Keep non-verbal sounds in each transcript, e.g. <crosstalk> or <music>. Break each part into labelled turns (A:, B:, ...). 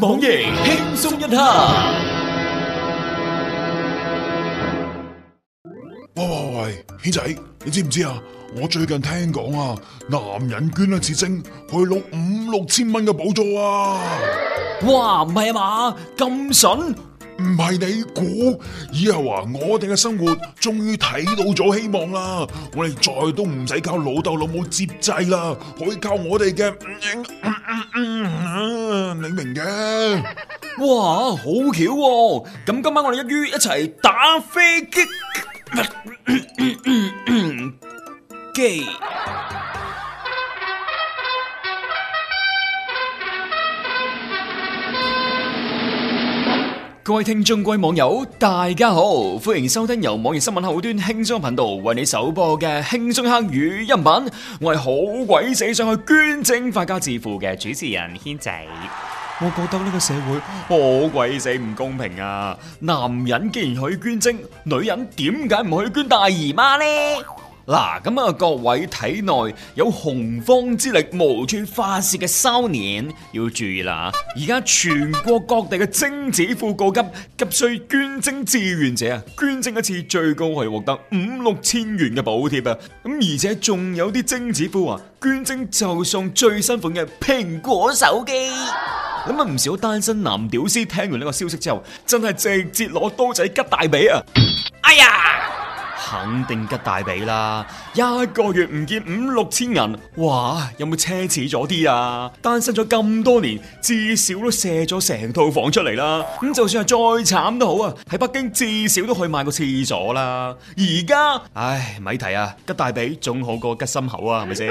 A: 網易輕鬆一刻。喂喂喂，軒仔，你知唔知啊？我最近聽講啊，男人捐一次精，去攞五六千蚊嘅補助啊！哇，唔係啊嘛，咁筍？唔係你估，以後啊，我哋嘅生活終於睇到咗希望啦！我哋再都唔使靠老豆老母接濟啦，可以靠我哋嘅，你明嘅？哇，好巧喎，啊！咁，嗯、今晚我哋一於一齊打飛機機。 <coughs>
B: 各位聽眾、各位網友，大家好，歡迎收聽由網易新聞客戶端輕鬆頻道為你首播嘅輕鬆黑語音版。我係好鬼死想去捐精發家致富嘅主持人軒仔。我覺得呢個社會好鬼死唔公平啊！男人既然可以捐精，女人點解唔可以捐大姨媽呢？嗱，咁啊，各位體內有洪荒之力無處發洩嘅騷年要注意啦！而家全國各地嘅精子庫過急，急需捐精志願者啊！捐精一次最高可以獲得五六千元嘅補貼啊！咁而且仲有啲精子庫啊，捐精就送最新款嘅蘋果手機。咁啊，唔少單身男屌絲聽完呢個消息之後，真係直接攞刀仔吉大髀啊！哎呀！肯定吉大髀啦，一個月唔見五六千銀，哇，有冇奢侈咗啲啊？單身咗咁多年，至少都卸咗成套房出嚟啦。咁就算係再慘都好啊，喺北京至少都可以買個廁所啦。而家，唉，咪提啊，吉大髀總好過吉心口啊，係咪先？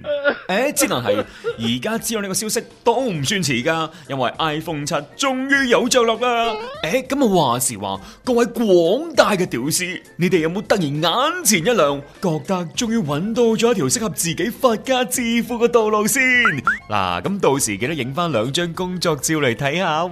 B: <laughs> 誒，只能係而家知道呢個消息都唔算遲噶，因為 iPhone 七終於有着落啦。 <laughs> 誒，咁啊話時話，各位廣大嘅屌絲，你哋有冇得，眼前一亮，覺得終於揾到咗一條適合自己發家致富嘅道路先。嗱、啊，咁到時記得影翻兩張工作照嚟睇下。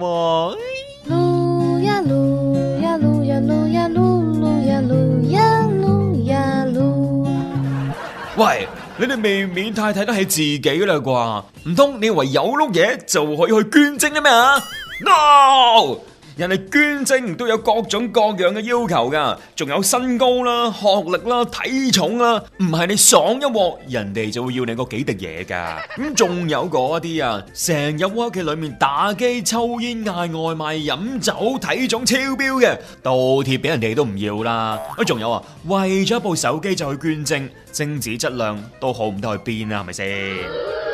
B: 喂，你哋未免太睇得起自己啦啩？唔通你以為有碌嘢就可以去捐精咩啊？No。人哋捐精都有各種各樣嘅要求噶，仲有身高啦、學歷啦、體重啦，唔係你爽一鑊，人哋就會要你嗰幾滴嘢噶。咁仲有嗰啲啊，成日喺屋企裏面打機、抽煙、嗌外賣、飲酒、體重超標嘅，倒貼俾人哋都唔要啦。啊，仲有啊，為咗一部手機就去捐精。精子質量都好唔得去邊啊，係咪先？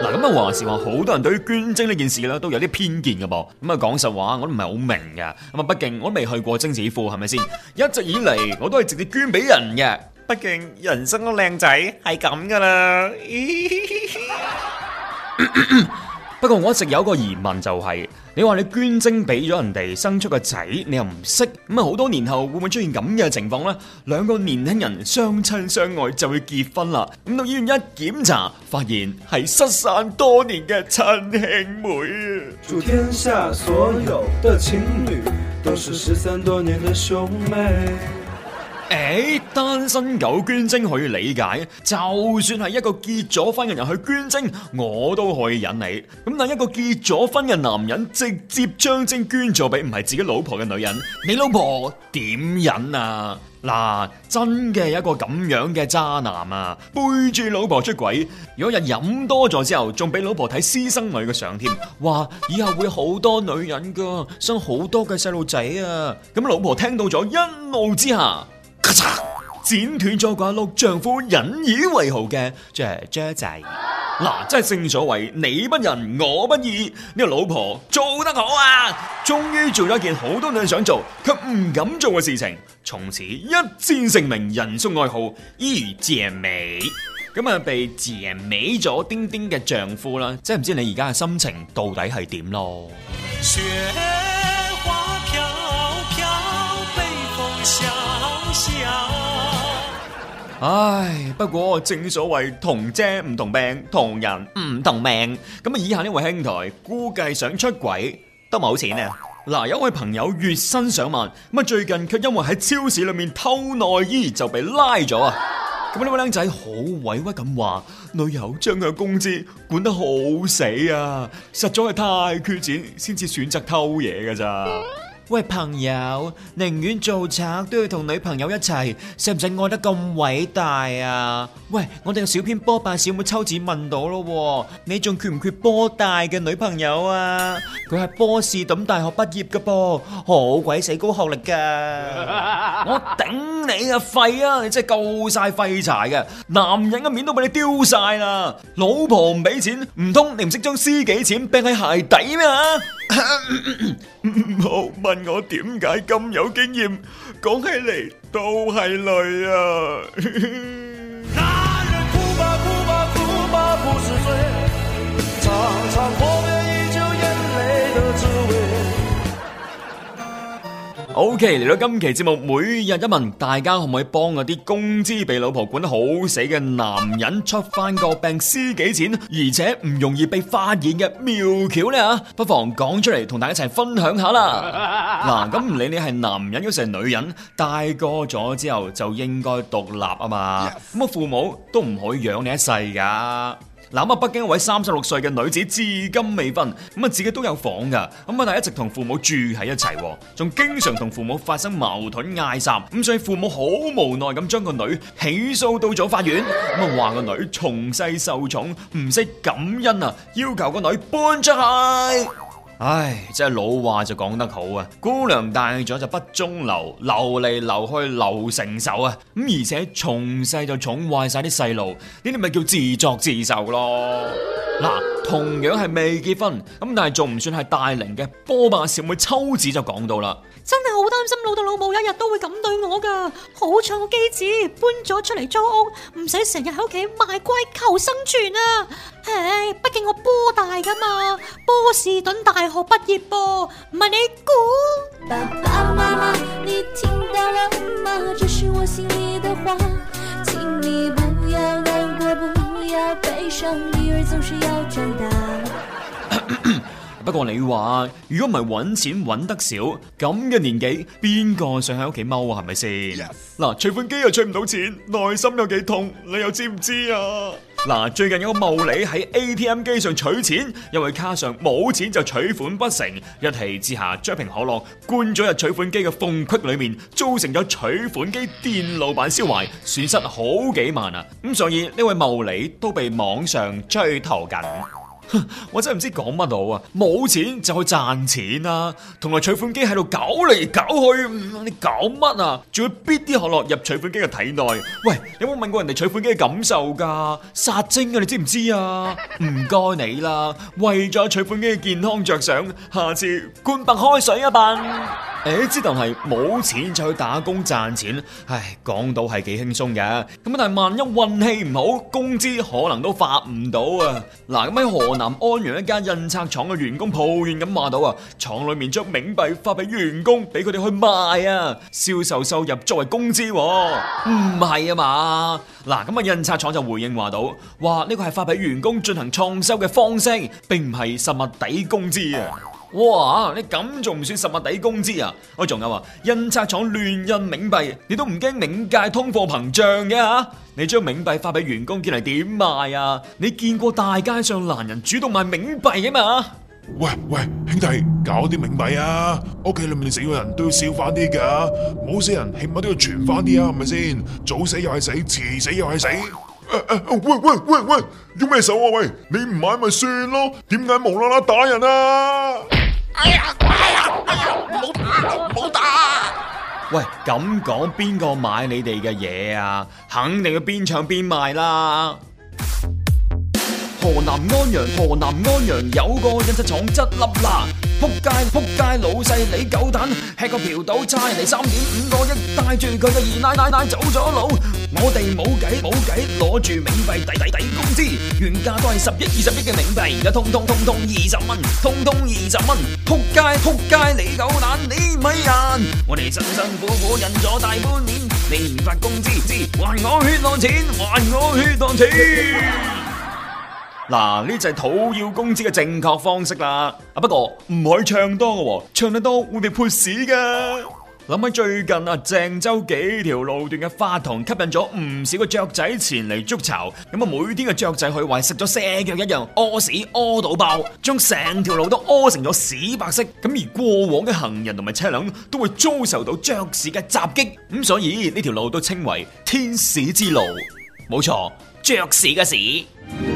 B: 嗱，咁啊話時話，好多人對於捐精呢件事啦，都有啲偏見嘅噃。咁啊講實話，我都唔係好明嘅。咁啊，畢竟我都未去過精子庫，係咪先？一直以嚟我都係直接捐俾人嘅。畢竟人生都靚仔係咁㗎啦。 <laughs> 不過我一直有一個疑問，就是，就係你話你捐精俾咗人哋生出個仔，你又唔識，咁啊好多年後會唔會出現咁嘅情況呢？兩個年輕人相親相愛就會結婚啦，咁到醫院一檢查，發現係失散多年嘅親兄妹。
A: 啊，祝天下所有嘅情侶都係失散多年嘅兄妹。
B: 誒、哎，單身狗捐精可以理解，就算係一個結咗婚嘅人去捐精，我都可以忍你。咁但一個結咗婚嘅男人直接將精捐咗俾唔係自己老婆嘅女人，你老婆點忍啊？嗱，真嘅有一個咁樣嘅渣男啊，背住老婆出軌，有一日飲多咗之後，仲俾老婆睇私生女嘅相添，話以後會好多女人㗎，生好多嘅細路仔啊。咁老婆聽到咗，一怒之下。剪斷咗掛綠丈夫引以為豪嘅雀雀仔，嗱、啊，真係正所謂你不仁我不義呢、這個老婆做得好啊！終於做咗一件好多女人想做卻唔敢做嘅事情，從此一戰成名，人送外號伊謝美，咁、嗯、啊被謝美咗丁丁嘅丈夫啦，真係唔知你而家嘅心情到底係點咯？唉，不過正所謂同姐唔同病，同人唔同命。咁啊，以下呢位兄台估計想出軌都冇錢啊！嗱，有位朋友月薪上萬，咁最近卻因為喺超市裏面偷內衣就被拉咗啊！咁呢位靚仔好委屈咁話，女友將佢工資管得好死啊，實在係太缺錢先至選擇偷嘢噶咋。喂，朋友，寧願做賊都要同女朋友一齊，使唔使愛得咁偉大啊？喂，我哋個小編波霸小妹抽子問到咯，你仲缺唔缺波大嘅女朋友啊？佢係波士頓大學畢業噶噃，好鬼死高學歷嘅。我頂你啊廢啊！你真係夠晒廢柴嘅，男人嘅面都俾你丟晒啦！老婆唔俾錢，唔通你唔識將私己錢掟喺鞋底咩啊？唔好問我點解咁有經驗，講起嚟都係淚啊。OK，嚟到今期節目，每日一問，大家可唔可以幫嗰啲工資被老婆管得好死嘅男人出翻個病私己錢，而且唔容易被發現嘅妙橋咧吓，不妨講出嚟同大家一齊分享下啦。嗱、啊，咁唔、啊、理你係男人或成係女人，大個咗之後就應該獨立啊嘛。咁 Yes. 父母都唔可以養你一世噶。嗱啊，北京一位三十六歲嘅女子至今未婚，咁啊自己都有房㗎，咁啊但一直同父母住喺一齊，仲經常同父母發生矛盾嗌交，咁所以父母好無奈咁將個女起訴到咗法院，咁啊話個女從細受寵，唔識感恩啊，要求個女搬出去。唉，真係老話就講得好啊！姑娘大咗就不中留，留嚟留去留成仇啊！咁而且從細就寵壞晒啲細路，呢啲咪叫自作自受咯？嗱，同樣係未結婚，咁但係仲唔算係大齡嘅波霸小妹秋子就講到啦。真係好擔心老到老母有一日都會咁對我噶，好彩我機智搬咗出嚟租屋，唔使成日喺屋企賣乖求生存啊！唉、哎，畢竟我波大噶嘛，波士頓
A: 大學畢業噃，唔係你估。爸爸媽媽你聽到了嗎？這是我心裡的話，請你不要難過，不要悲傷，女兒總是要長大。
B: 不過你話，如果唔係揾錢揾得少，咁嘅年紀，邊個想喺屋企踎啊？係咪先？嗱 Yes.，取款機又取唔到錢，內心有幾痛，你又知唔知啊？嗱，最近有個茂利喺 ATM 機上取錢，因為卡上冇錢就取款不成，一氣之下將瓶可樂灌咗入取款機嘅縫隙裏面，造成咗取款機電路板燒壞，損失好幾萬啊！咁所以呢位茂利都被網上追逃緊。我真係唔知講乜好啊！冇錢就去賺錢啊，同埋取款機喺度搞嚟搞去，你搞乜啊？仲要逼啲可樂落入取款機嘅體內？喂，有冇問過人哋取款機嘅感受噶？殺精啊！你知唔知啊？唔該 <laughs> 你啦，為咗取款機嘅健康着想，下次灌白開水一、啊、辦。誒、欸，知道係冇錢就去打工賺錢，唉，講到係幾輕鬆嘅，咁但係萬一運氣唔好，工資可能都發唔到啊！嗱，咁喺河南安陽一間印刷廠嘅員工抱怨咁話到啊，廠裏面將冥幣發俾員工，俾佢哋去賣啊，銷售收入作為工資，唔係啊嘛。嗱，咁啊印刷廠就回應話到，哇，呢個係發俾員工進行創收嘅方式，並唔係實物抵工資啊。哇！你咁仲唔算實物抵工資啊？我仲有話，印刷廠亂印冥幣，你都唔驚冥界通貨膨脹嘅吓？你將冥幣發俾員工，睇嚟，點賣啊？你見過大街上男人主動賣冥幣嘅嘛？
A: 喂喂，兄弟，搞啲冥幣啊！屋企裏面死咗人都要笑翻啲噶，冇死人起碼都要存翻啲啊，係咪先？早死又係死，遲死又係死。喂喂喂喂，用咩手啊？喂，你唔買咪算咯，點解無啦啦打人啊？哎呀！哎呀！哎呀！唔打！唔打啊！喂，咁
B: 講邊個買你哋嘅嘢啊？肯定要邊唱邊賣啦！河南安陽，河南安陽有個印刷廠執笠啦！撲街撲街，老細你狗蛋，吃個嫖賭差嚟三點五個億，帶住佢嘅二奶奶奶走咗佬，我哋冇計冇計，攞住冥幣抵抵抵工資，原價都係十億二十億嘅冥幣，而家通通通通二十蚊，通通，通，通二十蚊，撲街撲街，你狗蛋你咪人，我哋辛辛苦苦印咗大半年，你唔發工資知還我血汗錢，還我血汗錢。 <laughs> 嗱，呢就係討要工資嘅正確方式啦。啊，不過唔可以唱多嘅，唱得多會被潑屎噶。諗起最近啊，鄭州幾條路段嘅花塘吸引咗唔少嘅雀仔前嚟築巢。咁啊，每天嘅雀仔佢懷疑食咗蛇腳一樣，屙屎屙到爆，將成條路都屙成咗屎白色。咁而過往嘅行人同埋車輛都會遭受到雀屎嘅襲擊。咁所以呢條路都稱為天使之路。冇錯，雀屎嘅屎。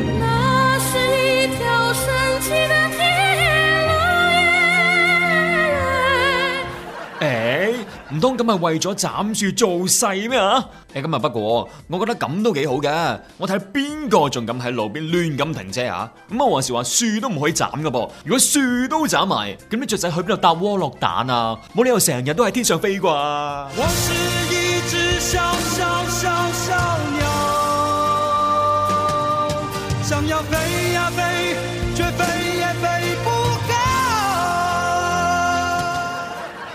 B: 咁咁係為咗斬樹做勢咩啊？誒，咁啊，不過我覺得咁都幾好嘅。我睇下邊個仲敢喺路邊亂咁停車啊？咁啊，話時話樹都唔可以斬噶噃？如果樹都斬埋，咁啲雀仔去邊度搭窩落蛋啊？冇理由成日都喺天上飛啩、啊。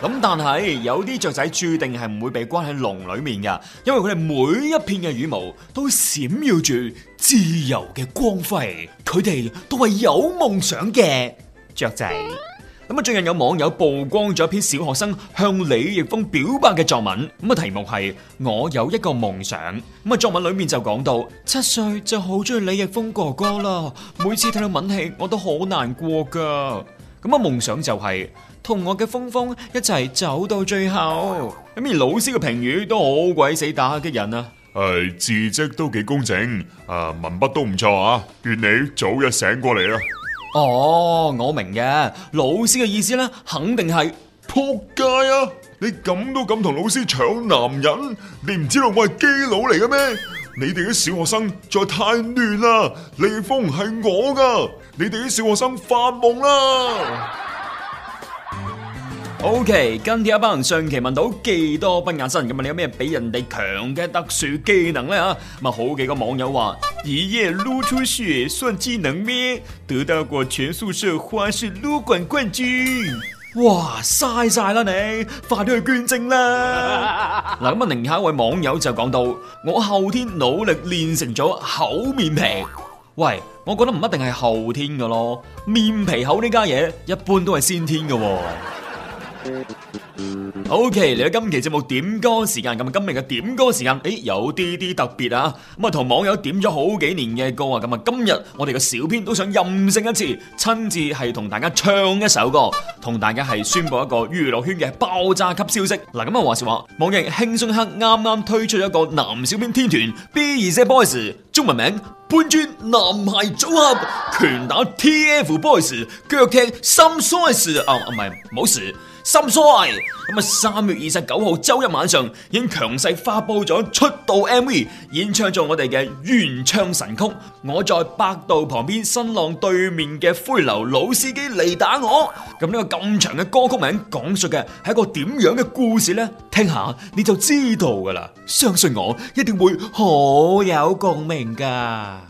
B: 咁但係有啲雀仔注定係唔會被關喺籠裏面嘅，因為佢哋每一片嘅羽毛都閃耀住自由嘅光輝，佢哋都係有夢想嘅雀仔。咁啊、嗯，最近有網友曝光咗一篇小學生向李易峰表白嘅作文，咁啊，題目係我有一個夢想。咁啊，作文裏面就講到七歲就好中意李易峰哥哥啦，每次睇到吻戲我都好難過噶。咁啊！夢想就係、是、同我嘅峰峰一齊走到最後。咁而老師嘅評語都好鬼死打擊人啊！誒、呃，字迹都幾工整，誒、呃，文筆都唔錯啊！願你早日醒過嚟啊！哦，我明嘅，
A: 老師嘅意思咧，肯定係撲街啊！你咁都敢同老師搶男人？你唔知道我係基佬嚟嘅咩？你哋啲小學生在太亂啦！逆風係我噶，你哋啲小學生發夢啦。
B: OK，今天一班人，上期問到技多不壓身，咁問你有咩比人哋強嘅特殊技能咧？吓，咁啊，好幾個網友話：一夜擼出血算技能咩？得到過全宿舍花式擼管冠軍。哇，嘥晒啦你，快啲去捐精啦！嗱，咁啊，另一位網友就講到：我後天努力練成咗厚面皮。喂，我覺得唔一定係後天嘅咯，面皮厚呢家嘢，一般都係先天嘅。O K，嚟到今期節目點歌時間。咁啊，今日嘅點歌時間誒，有啲啲特別啊。咁啊，同網友點咗好幾年嘅歌啊，咁啊，今日我哋嘅小編都想任性一次，親自係同大家唱一首歌，同大家係宣布一個娛樂圈嘅爆炸級消息。嗱，咁啊，話時話，網易輕鬆一刻啱啱推出一個男小編天團 B 二社 boys，中文名搬磚男孩組合，拳打 TF boys，腳踢心衰士啊，唔係冇事。心衰咁啊！三月二十九號周一晚上，已經強勢發布咗出道 MV，演唱咗我哋嘅原唱神曲。我在百度旁邊新浪對面嘅灰樓，老司機嚟打我。咁呢、這個咁長嘅歌曲名，講述嘅係一個點樣嘅故事呢？聽下你就知道噶啦，相信我，一定會好有共鳴噶。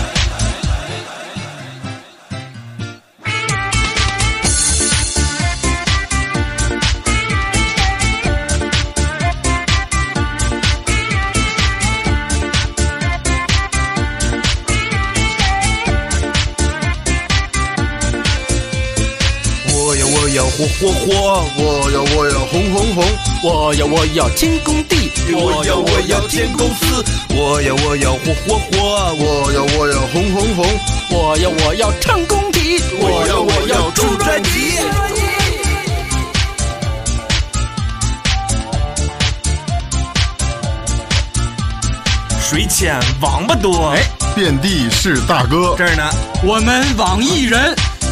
B: 火火火，我要我要紅紅紅，我要我要進工地，我要我要進公司，我要我要火火火，我要我要紅紅紅，我要我要
A: 唱功底，我要
B: 我要出專輯。水淺王八多，哎，遍地是大哥。這兒呢，我們網易人。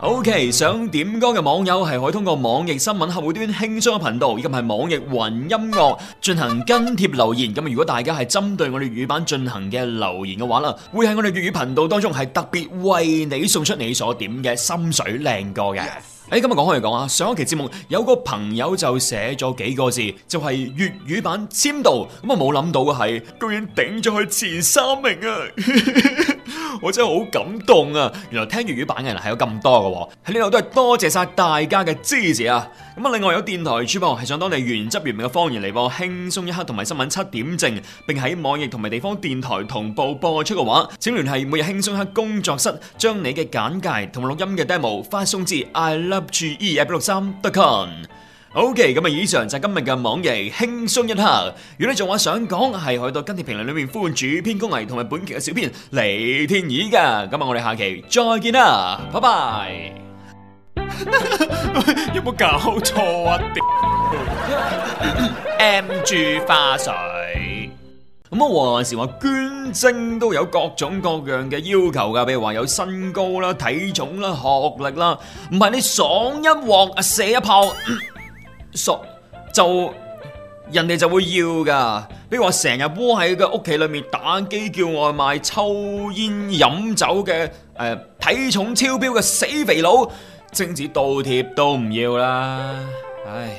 B: O.K. 想點歌嘅網友係可以通過網易新聞客戶端輕鬆頻道，以及係網易雲音樂進行跟帖留言。咁如果大家係針對我哋粵語版進行嘅留言嘅話啦，會喺我哋粵語頻道當中係特別為你送出你所點嘅心水靚歌嘅。Yes. 誒、欸，今日講開嚟講啊！上一期節目有個朋友就寫咗幾個字，就係、是、粵語版簽到。咁啊，冇諗到嘅係，居然頂咗佢前三名啊！ <laughs> 我真係好感動啊！原來聽粵語版嘅人係有咁多嘅。喺呢度都係多謝晒大家嘅支持啊！咁啊，另外有電台主播係想當你原汁原味嘅方言嚟播輕鬆一刻同埋新聞七點正，並喺網易同埋地方電台同步播出嘅話，請聯繫每日輕鬆一刻工作室，將你嘅簡介同錄音嘅 demo 發送至 i gutenberg 六三 .com，OK，咁啊，以上就今日嘅網易輕鬆一刻。如果你仲話想講，係可以到跟帖評論裏面呼喚主編工藝同埋本期嘅小編黎天意噶。咁啊，我哋下期再見啦，拜拜。有冇搞錯啊？點？M G 花水。乜話時話，捐精都有各種各樣嘅要求噶，比如話有身高啦、體重啦、學歷啦，唔係你爽一鑊啊射一炮，索就人哋就會要噶。比如話成日窩喺佢屋企裏面打機、叫外賣、抽煙、飲酒嘅誒、呃，體重超標嘅死肥佬，精子倒貼都唔要啦，
A: 唉。